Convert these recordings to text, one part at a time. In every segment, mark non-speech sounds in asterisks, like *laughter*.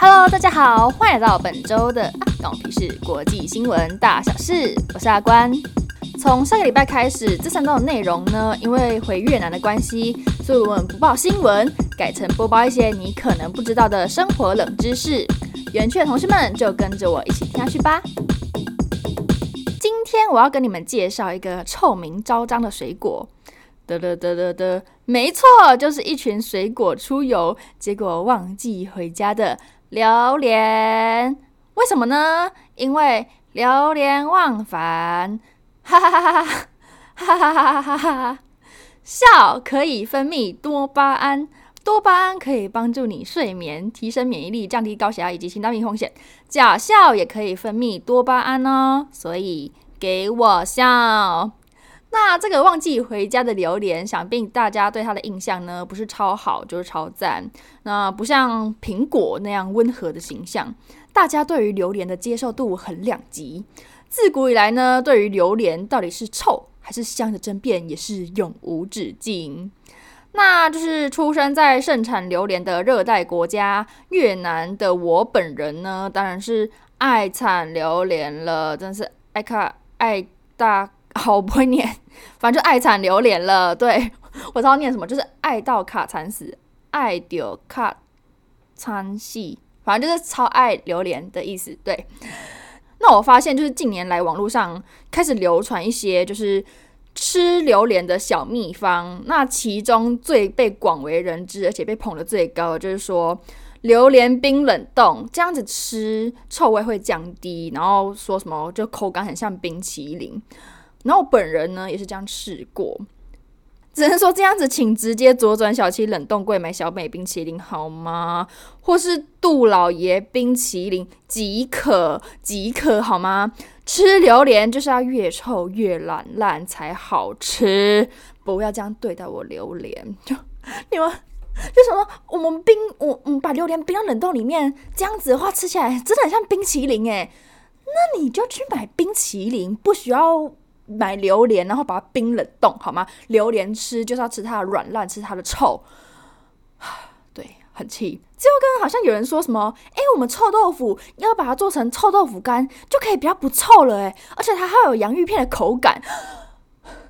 Hello，大家好，歡迎來到本週的《阿關提示國際新聞大小事》，我是阿關。從上個禮拜開始，這三段內容呢，因為回越南的關係，所以我們不報新聞，改成播報一些你可能不知道的生活冷知識。園區的同事們就跟着我一起聽下去吧。今天我要跟你們介紹一個臭名昭彰的水果，得得得得得，沒錯，就是一群水果出遊，結果忘記回家的。榴槤，為什麼呢？因為流連忘返，哈哈哈哈哈哈哈哈哈哈！笑可以分泌多巴胺，多巴胺可以幫助你睡眠、提升免疫力、降低高血壓以及心臟病風險。假笑也可以分泌多巴胺哦，所以給我笑。那這個忘記回家的榴蓮，想必大家對它的印象呢，不是超好就是超讚。那不像蘋果那樣溫和的形象，大家對於榴蓮的接受度很兩極。自古以來呢，對於榴蓮到底是臭還是香的爭辯也是永無止境。那就是出生在盛產榴蓮的熱帶國家越南的我本人呢，當然是愛慘榴蓮了，真是愛看愛大。好，我不會念，反正就愛慘榴蓮了。對，我知道念什麼，就是愛到卡慘死，愛到卡慘死，反正就是超愛榴蓮的意思。對，那我發現就是近年來網絡上開始流傳一些就是吃榴蓮的小秘方，那其中最被廣為人知而且被捧得最高的就是說榴蓮冰冷凍這樣子吃，臭味會降低，然後說什麼就口感很像冰淇淋。然後我本人呢，也是這樣試過，只能說這樣子，請直接左轉小七冷凍櫃買小美冰淇淋好嗎？或是杜老爺冰淇淋即可即可好嗎？吃榴蓮就是要越臭越爛爛才好吃，不要這樣對待我榴蓮。就 *laughs* 你們就說我們冰我嗯，把榴蓮冰到冷凍裡面，這樣子的話吃起來真的很像冰淇淋哎，那你就去買冰淇淋，不需要。買榴蓮，然後把它冰冷凍，好嗎？榴蓮吃就是要吃它的軟爛，吃它的臭。對，很氣。最後剛剛好像有人說什麼，哎、欸，我們臭豆腐，要把它做成臭豆腐乾，就可以比較不臭了，哎，而且它還有洋芋片的口感，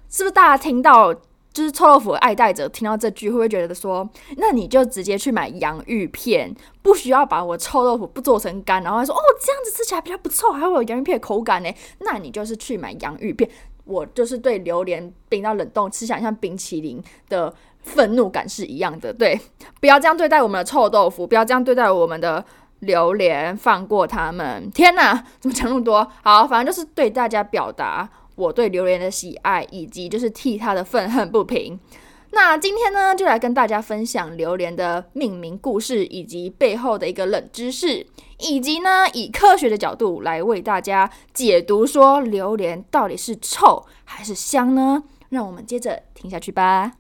是不是？大家聽到？就是臭豆腐愛戴者聽到這句會不會覺得說，那你就直接去買洋芋片，不需要把我臭豆腐不做成乾，然後還說哦，這樣子吃起來比較不臭，還會有洋芋片的口感呢？那你就是去買洋芋片。我就是對榴蓮冰到冷凍吃起來像冰淇淋的憤怒感是一樣的。對，不要這樣對待我們的臭豆腐，不要這樣對待我們的榴蓮放過他們。天哪，怎麼講那麼多？好，反正就是對大家表達。我對榴蓮的喜愛，以及就是替它的憤恨不平。那今天呢，就來跟大家分享榴蓮的命名故事，以及背後的一個冷知識，以及呢，以科學的角度來為大家解讀說榴蓮到底是臭還是香呢？讓我們接着聽下去吧。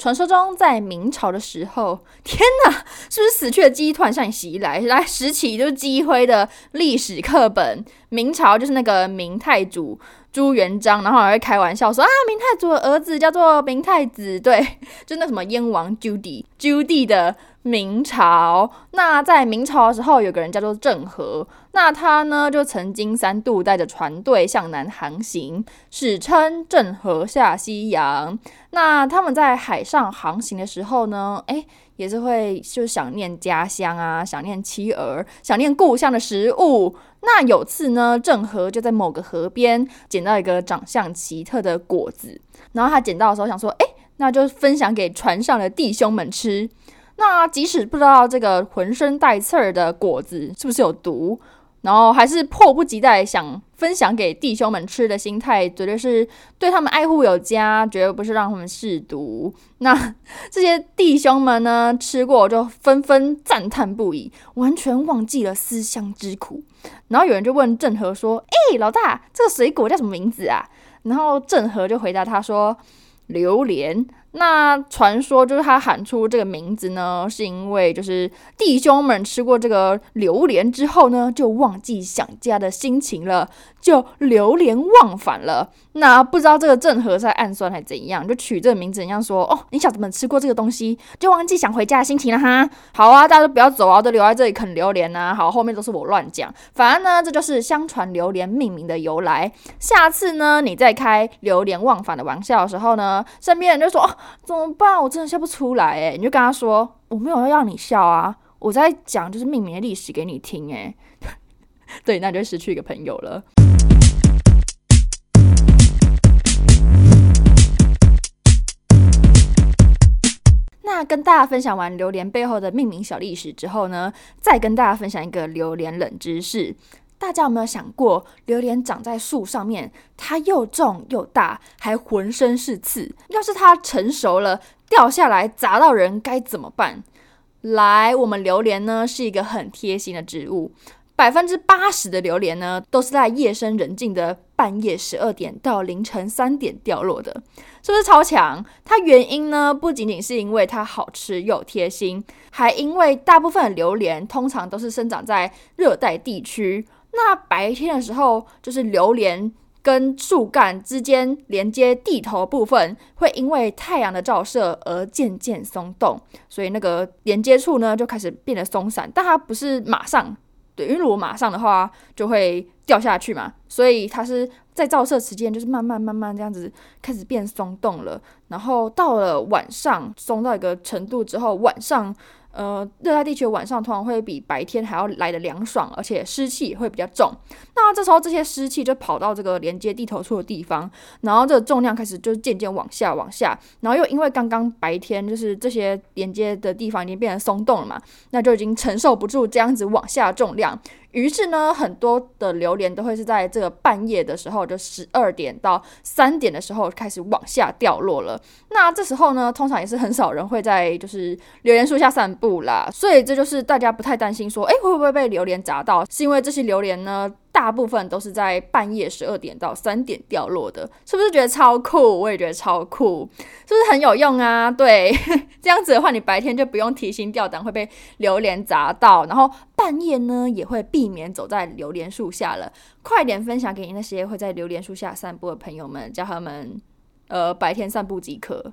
傳說中，在明朝的時候，天哪，是不是死去的記憶突然向你襲來？來拾起就是積灰的歷史課本。明朝就是那個明太祖朱元璋，然後還會開玩笑說啊，明太祖的兒子叫做明太子，對，就那什麼燕王朱棣，朱棣的。明朝，那在明朝的時候，有個人叫做鄭和，那他呢就曾經三度帶着船隊向南航行，史稱鄭和下西洋。那他們在海上航行的時候呢，誒，也是會就想念家鄉啊，想念妻兒，想念故鄉的食物。那有次呢，鄭和就在某個河邊撿到一個長相奇特的果子，然後他撿到的時候想說，誒，那就分享給船上的弟兄們吃。那即使不知道這個渾身帶刺兒的果子是不是有毒，然後還是迫不及待想分享給弟兄們吃的心態，絕對是對他們愛護有加，絕對不是讓他們試毒。那這些弟兄們呢，吃過就紛紛讚嘆不已，完全忘記了思鄉之苦。然後有人就問鄭和說：“哎，老大，這個水果叫什麼名字啊？”然後鄭和就回答他說：“榴蓮。”那傳說就是他喊出這個名字呢，是因為就是弟兄們吃過這個榴蓮之後呢，就忘記想家的心情了，就流連忘返了。那不知道這個鄭和在暗算還怎樣，就取這個名字，怎樣說哦，你小子們吃過這個東西，就忘記想回家的心情了哈。好啊，大家都不要走啊，都留在這裡啃榴蓮啊。好啊，後面都是我亂講。反正呢，這就是相傳榴蓮命名的由來。下次呢，你再開榴蓮忘返的玩笑的時候呢，身邊人就說。哦。怎麼辦？我真的笑不出來欸！你就跟他說，我沒有要讓你笑啊，我在講就是命名的歷史給你聽欸。 *laughs* 對，那你就失去一個朋友了。 *music* 那跟大家分享完榴蓮背後的命名小歷史之後呢，再跟大家分享一個榴蓮冷知識。大家有沒有想過，榴蓮長在樹上面，它又重又大，還渾身是刺。要是它成熟了掉下來砸到人該怎麼辦？來，我們榴蓮呢是一個很貼心的植物，百分之八十的榴蓮呢都是在夜深人靜的半夜十二點到凌晨三點掉落的。是不是超強？它原因呢不僅僅是因為它好吃又貼心，還因為大部分的榴蓮通常都是生長在熱帶地區。那白天的時候，就是榴蓮跟樹幹之間連接地頭部分，會因為太陽的照射而漸漸鬆動，所以那個連接處呢，就開始變得鬆散。但它不是馬上，對，因為如果馬上的話，就會掉下去嘛。所以它是在照射時間，就是慢慢慢慢這樣子開始變鬆動了。然後到了晚上，鬆到一個程度之後，晚上。呃，熱帶地區晚上通常會比白天還要來得涼爽，而且濕氣也會比較重。那這時候這些濕氣就跑到這個連接地頭處的地方，然後這個重量開始就漸漸往下、往下，然後又因為剛剛白天就是這些連接的地方已經變得鬆動了嘛，那就已經承受不住這樣子往下重量。於是呢，很多的榴蓮都會是在這個半夜的時候，就十二點到三點的時候開始往下掉落了。那這時候呢，通常也是很少人會在就是榴蓮樹下散步啦，所以這就是大家不太擔心說，哎，會不會被榴蓮砸到，是因為這些榴蓮呢。大部分都是在半夜十二點到三點掉落的，是不是覺得超酷？我也覺得超酷，是不是很有用啊？對，呵呵這樣子的話，你白天就不用提心吊膽會被榴蓮砸到，然後半夜呢也會避免走在榴蓮樹下了。快點分享給你那些會在榴蓮樹下散步的朋友們，叫他們呃白天散步即可。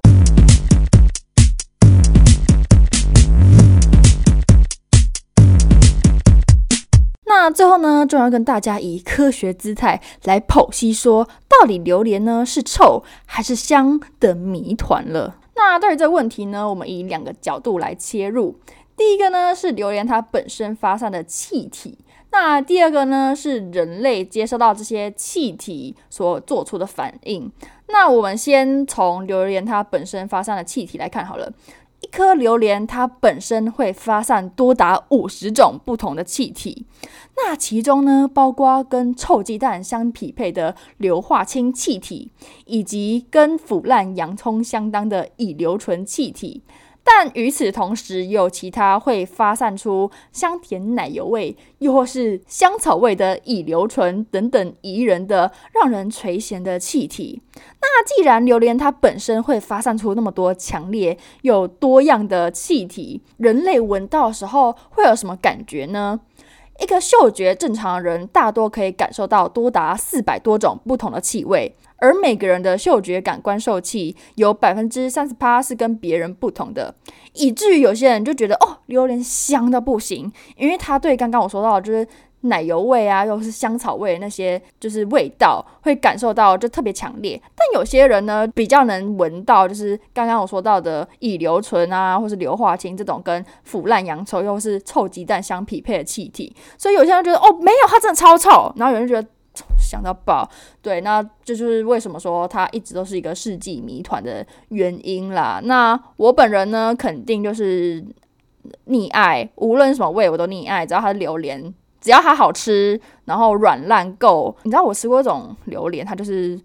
那最後呢，就要跟大家以科學姿態來剖析說說到底榴蓮呢是臭還是香的謎團了。那對於這個問題呢，我們以兩個角度來切入。第一個呢是榴蓮它本身發散的氣體，那第二個呢是人類接受到這些氣體所做出的反應。那我們先從榴蓮它本身發散的氣體來看好了。一顆榴蓮，它本身會發散多達五十種不同的氣體，那其中呢，包括跟臭雞蛋相匹配的硫化氫氣體，以及跟腐爛洋蔥相當的乙硫醇氣體。但與此同時，也有其他會發散出香甜奶油味，又或是香草味的乙硫醇等等宜人的、讓人垂涎的氣體。那既然榴蓮它本身會發散出那麼多強烈又多樣的氣體，人類聞到的時候會有什麼感覺呢？一個嗅覺正常的人，大多可以感受到多達四百多種不同的氣味，而每個人的嗅覺感官受器有百分之三十八是跟別人不同的，以至於有些人就覺得哦，榴蓮香的不行，因為他對剛剛我說到的就是。奶油味啊，又是香草味那些，就是味道會感受到就特別強烈。但有些人呢，比較能聞到，就是剛剛我說到的乙硫醇啊，或是硫化氫這種跟腐爛洋蔥又是臭雞蛋相匹配的氣體。所以有些人覺得哦，沒有，它真的超臭。然後有人覺得、呃、香到爆。對，那這就是為什麼說它一直都是一個世紀謎團的原因啦。那我本人呢，肯定就是溺愛，無論什麼味我都溺愛，只要它是榴蓮。只要它好吃，然後軟爛夠。你知道我吃過一種榴蓮，它就是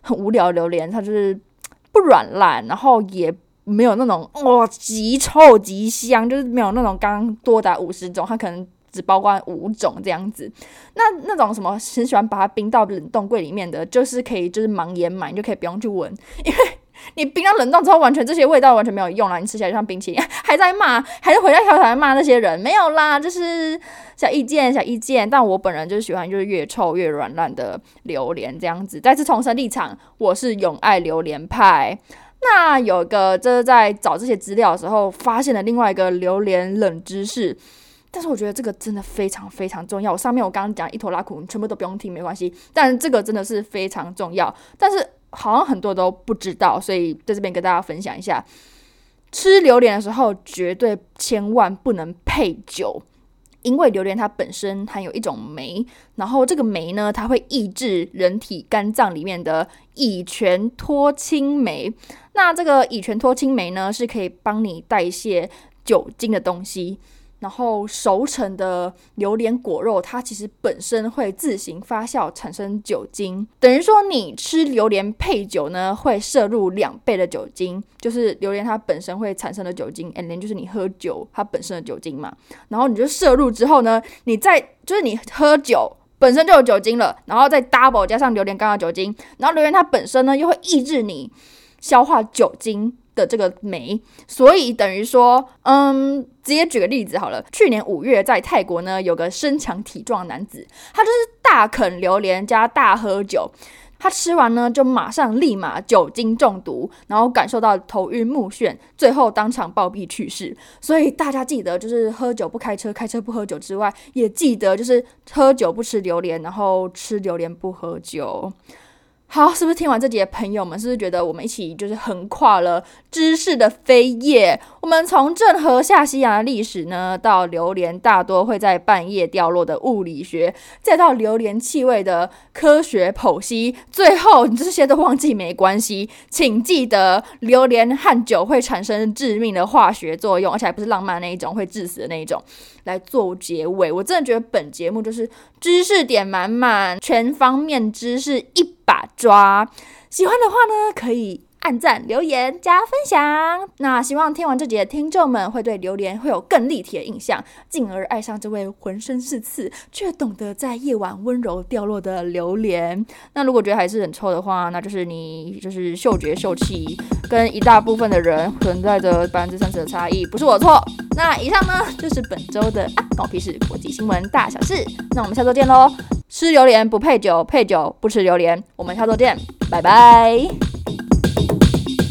很無聊的榴蓮，它就是不軟爛，然後也沒有那種哦，極臭極香，就是沒有那種剛剛多達五十種，它可能只包括五種這樣子。那那種什麼很喜歡把它冰到冷凍櫃裡面的就是可以，就是盲眼買你就可以不用去聞，因為。你冰到冷凍之後，完全這些味道完全沒有用了，你吃起來就像冰淇淋。還在罵，還在回到小台罵那些人，沒有啦，就是小意見，小意見。但我本人就是喜歡，就是越臭越軟爛的榴蓮這樣子。再次重申立場，我是永愛榴蓮派。那有一個，就是在找這些資料的時候發現了另外一個榴蓮冷知識。但是我覺得這個真的非常非常重要。我上面我剛剛講一坨拉苦，你全部都不用聽，沒關係。但這個真的是非常重要。但是。好像很多都不知道，所以在這邊跟大家分享一下：吃榴蓮的時候，絕對千萬不能配酒，因為榴蓮它本身含有一種酶，然後這個酶呢，它會抑制人體肝臟裡面的乙醛脫氫酶。那這個乙醛脫氫酶呢，是可以幫你代謝酒精的東西。然後熟成的榴蓮果肉，它其實本身會自行發酵產生酒精，等於說你吃榴蓮配酒呢，會攝入兩倍的酒精，就是榴蓮它本身會產生的酒精，and then 就是你喝酒它本身的酒精嘛，然後你就攝入之後呢，你再就是你喝酒本身就有酒精了，然後再 double 加上榴蓮乾的酒精，然後榴蓮它本身呢又會抑制你消化酒精。的這個酶，所以等於說，嗯，直接舉個例子好了。去年五月在泰國呢，有個身強體壯男子，他就是大啃榴蓮加大喝酒，他吃完呢就馬上立馬酒精中毒，然後感受到頭暈目眩，最後當場暴斃去世。所以大家記得，就是喝酒不開車，開車不喝酒之外，也記得就是喝酒不吃榴蓮，然後吃榴蓮不喝酒。好，是不是聽完這集，朋友們是不是覺得我們一起就是橫跨了知識的扉頁？我們從鄭和下西洋的歷史呢，到榴蓮大多會在半夜掉落的物理學，再到榴蓮氣味的科學剖析，最後你這些都忘記沒關係，請記得榴蓮和酒會產生致命的化學作用，而且還不是浪漫那一種，會致死的那一種。來做結尾，我真的覺得本節目就是知識點滿滿，全方面知識一。把抓，喜歡的話呢，可以。按讚、留言、加分享。那希望聽完這集的聽眾們會對榴蓮會有更立體的印象，進而愛上這位渾身是刺卻懂得在夜晚溫柔掉落的榴蓮。那如果覺得還是很臭的話，那就是你就是嗅覺受器跟一大部分的人存在着百分之三十的差異，不是我錯。那以上呢就是本周的啊，狗屁事國際新聞大小事。那我們下周見嘍！吃榴蓮不配酒，配酒不吃榴蓮。我們下周見，拜拜。